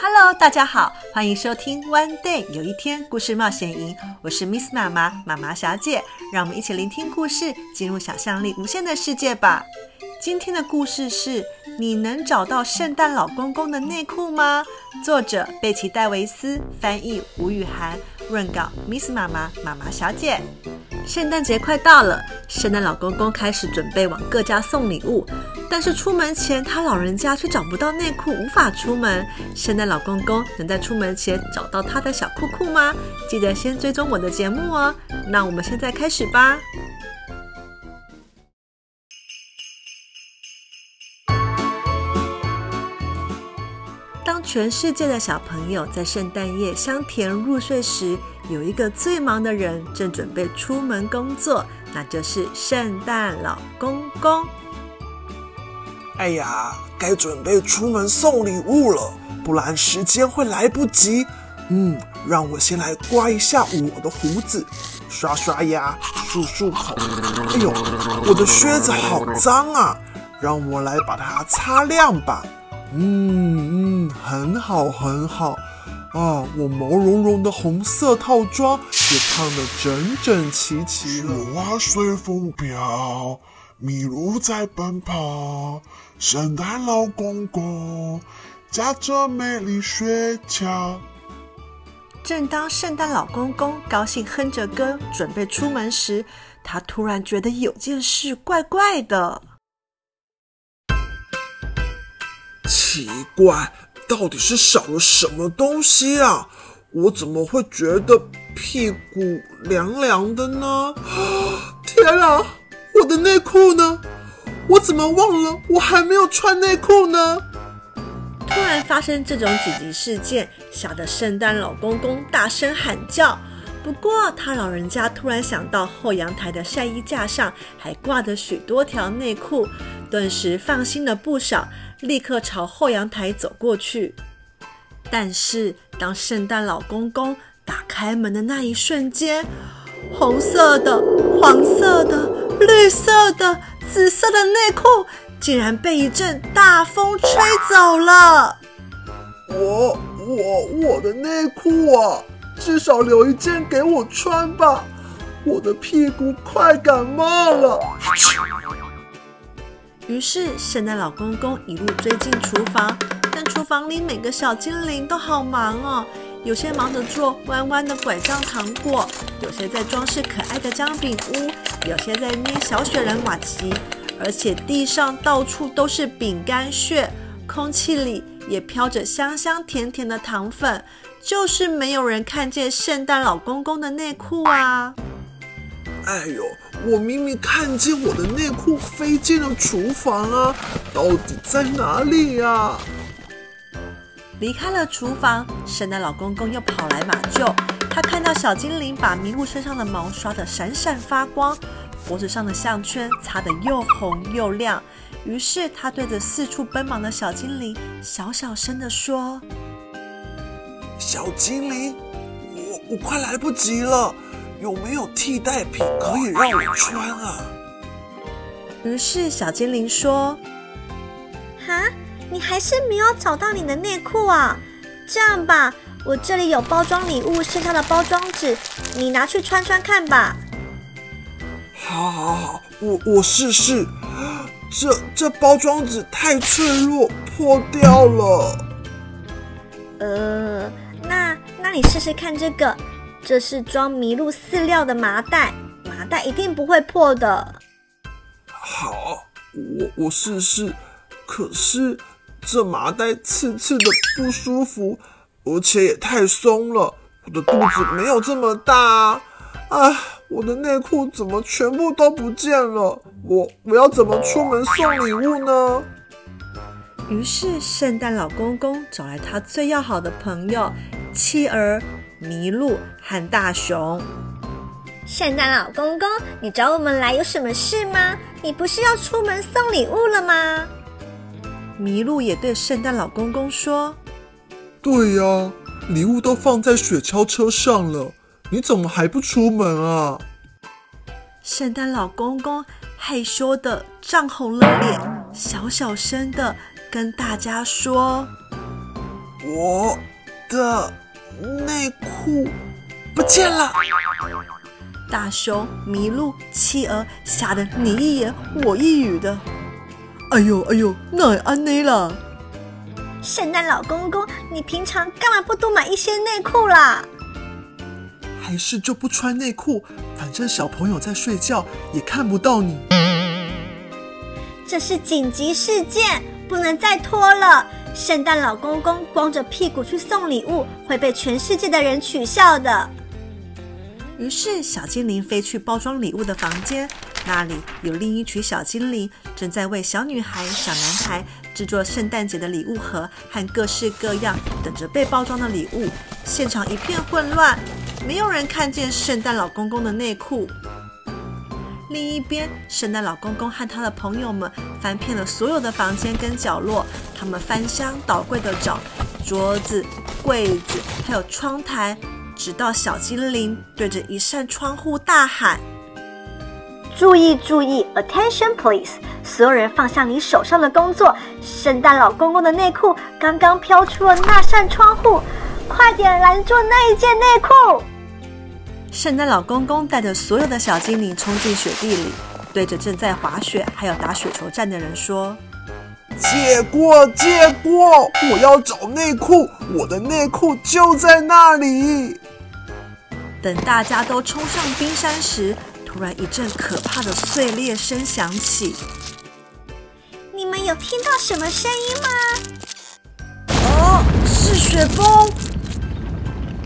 Hello，大家好，歡迎收聽《One Day》有一天故事冒險營，我是 Miss 媽媽媽媽小姐，讓我們一起聆聽故事，進入想象力無限的世界吧。今天的故事是：你能找到聖誕老公公的內褲嗎？作者：貝其·戴維斯，翻譯：吳羽涵，潤稿：Miss 媽媽媽媽小姐。聖誕節快到了，聖誕老公公開始準備往各家送禮物，但是出門前他老人家卻找不到內褲，無法出門。聖誕老公公能在出門前找到他的小褲褲嗎？記得先追蹤我的節目哦。那我們現在開始吧。當全世界的小朋友在聖誕夜香甜入睡時，有一個最忙的人正準備出門工作，那就是聖誕老公公。哎呀，該準備出門送禮物了，不然時間會來不及。嗯，讓我先來刮一下我的鬍子，刷刷牙，漱漱口。哎呦，我的靴子好髒啊！讓我來把它擦亮吧。嗯嗯，很好，很好。啊！我毛茸茸的紅色套裝也燙得整整齊齊了。雪花隨風飄，麋鹿在奔跑，聖誕老公公駕着美麗雪橇。正當聖誕老公公高興哼着歌準備出門時，他突然覺得有件事怪怪的。奇怪。到底是少了什麼東西啊？我怎麼會覺得屁股涼涼的呢？天啊，我的內褲呢？我怎麼忘了我還沒有穿內褲呢？突然發生這種緊急事件，嚇得聖誕老公公大聲喊叫。不過他老人家突然想到後陽台的曬衣架上還掛着許多條內褲，頓時放心了不少，立刻朝後陽台走過去。但是當聖誕老公公打開門的那一瞬間，紅色的、黃色的、綠色的、紫色的內褲竟然被一陣大風吹走了！我我我的內褲啊！至少留一件給我穿吧，我的屁股快感冒了。於是，聖誕老公公一路追進廚房，但廚房裡每個小精靈都好忙哦，有些忙着做彎彎的拐杖糖果，有些在裝飾可愛的薑餅屋，有些在捏小雪人瓦奇，而且地上到處都是餅乾屑，空氣裡也飄着香香甜甜的糖粉。就是沒有人看見聖誕老公公的內褲啊！哎呦，我明明看見我的內褲飛進了廚房啊，到底在哪裡啊？離開了廚房，聖誕老公公又跑來馬廄，他看到小精靈把麋鹿身上的毛刷得閃閃發光，脖子上的項圈擦得又紅又亮，於是他對着四處奔忙的小精靈小小聲地說。小精靈，我我快來不及了，有沒有替代品可以讓我穿啊？於是小精靈說：“哈，你還是沒有找到你的內褲啊？這樣吧，我這裡有包裝禮物剩下的包裝紙，你拿去穿穿看吧。”好，好，好，我我試試。這這包裝紙太脆弱，破掉了。呃。你試試看這個，這是裝麋鹿飼料的麻袋，麻袋一定不會破的。好，我我試試。可是這麻袋刺刺的不舒服，而且也太鬆了，我的肚子沒有這麼大啊。啊，我的內褲怎麼全部都不見了？我我要怎麼出門送禮物呢？於是聖誕老公公找來他最要好的朋友。妻兒、麋鹿喊大雄：“聖誕老公公，你找我們來有什麼事嗎？你不是要出門送禮物了嗎？”麋鹿也對聖誕老公公說：“對呀、啊，禮物都放在雪橇車上了，你怎麼還不出門啊？”聖誕老公公害羞的漲紅了臉，小小聲的跟大家說：“我的。”內褲不見了，大熊、麋鹿、企鵝嚇得你一言我一語的。哎呦哎呦，那安妮啦？聖誕老公公，你平常幹嘛不多買一些內褲啦？還是就不穿內褲，反正小朋友在睡覺也看不到你。這是緊急事件，不能再拖了。聖誕老公公光着屁股去送禮物，會被全世界的人取笑的。於是，小精靈飛去包裝禮物的房間，那裡有另一群小精靈正在為小女孩、小男孩制作聖誕節的禮物盒和各式各樣等着被包裝的禮物。現場一片混亂，沒有人看見聖誕老公公的內褲。另一邊，聖誕老公公和他的朋友們翻遍了所有的房間跟角落，他們翻箱倒櫃地找桌子、櫃子，還有窗台，直到小精靈對着一扇窗戶大喊：“注意注意，Attention please！所有人放下你手上的工作，聖誕老公公的內褲剛剛飄出了那扇窗戶，快點攔住那一件內褲！”聖誕老公公帶着所有的小精靈衝進雪地裡，對着正在滑雪還有打雪球戰的人說：“借過借過，我要找內褲，我的內褲就在那裡。”等大家都衝上冰山時，突然一陣可怕的碎裂聲響起。你們有聽到什麼聲音嗎？哦，是雪崩！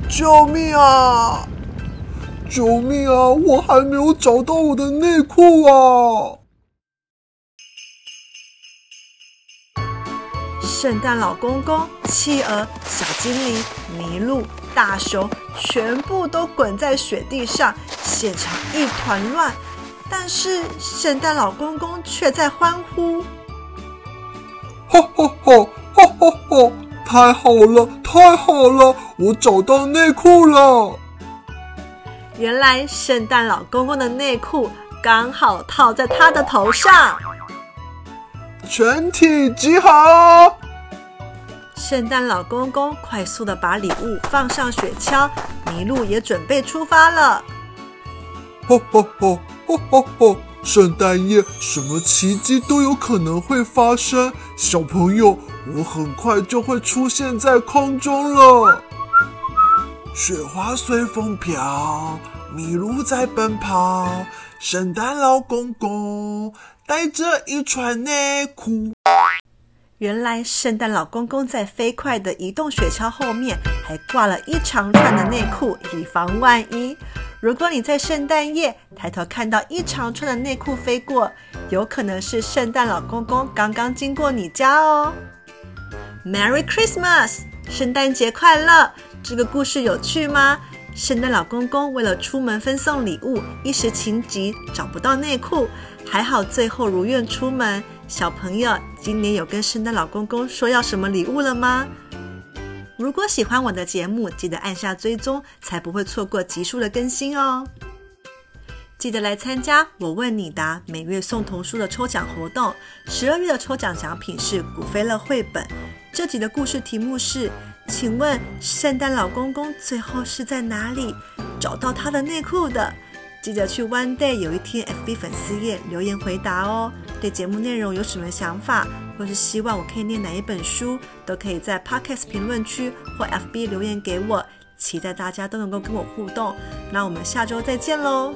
救命啊！救命啊！我還沒有找到我的內褲啊！聖誕老公公、企鵝、小精靈、麋鹿、大熊全部都滾在雪地上，現場一團亂。但是聖誕老公公卻在歡呼：吼吼吼吼吼吼！太好了，太好了，我找到內褲了！原來聖誕老公公的內褲剛好套在他的頭上。全體集合！聖誕老公公快速的把禮物放上雪橇，麋鹿也準備出發了。吼吼吼，吼吼吼！聖誕夜什麼奇蹟都有可能會發生。小朋友，我很快就會出現在空中了。雪花隨風飄，麋鹿在奔跑，聖誕老公公帶着一串內褲。原來聖誕老公公在飛快的移動雪橇後面還掛了一長串的內褲，以防萬一。如果你在聖誕夜抬頭看到一長串的內褲飛過，有可能是聖誕老公公剛剛經過你家哦。Merry Christmas，聖誕節快樂！這個故事有趣嗎？聖誕老公公為了出門分送禮物，一時情急找不到內褲，還好最後如願出門。小朋友，今年有跟聖誕老公公說要什麼禮物了嗎？如果喜歡我的節目，記得按下追蹤，才不會錯過集數的更新哦。記得來參加我問你答每月送童書的抽獎活動，十二月的抽獎獎品是古飛樂繪本。這集的故事題目是。請問聖誕老公公最後是在哪裡找到他的內褲的？記得去 One Day 有一天 FB 粉絲頁留言回答哦。對節目內容有什麼想法，或是希望我可以念哪一本書，都可以在 Podcast 評論區或 FB 留言給我。期待大家都能夠跟我互動。那我們下週再見嘍。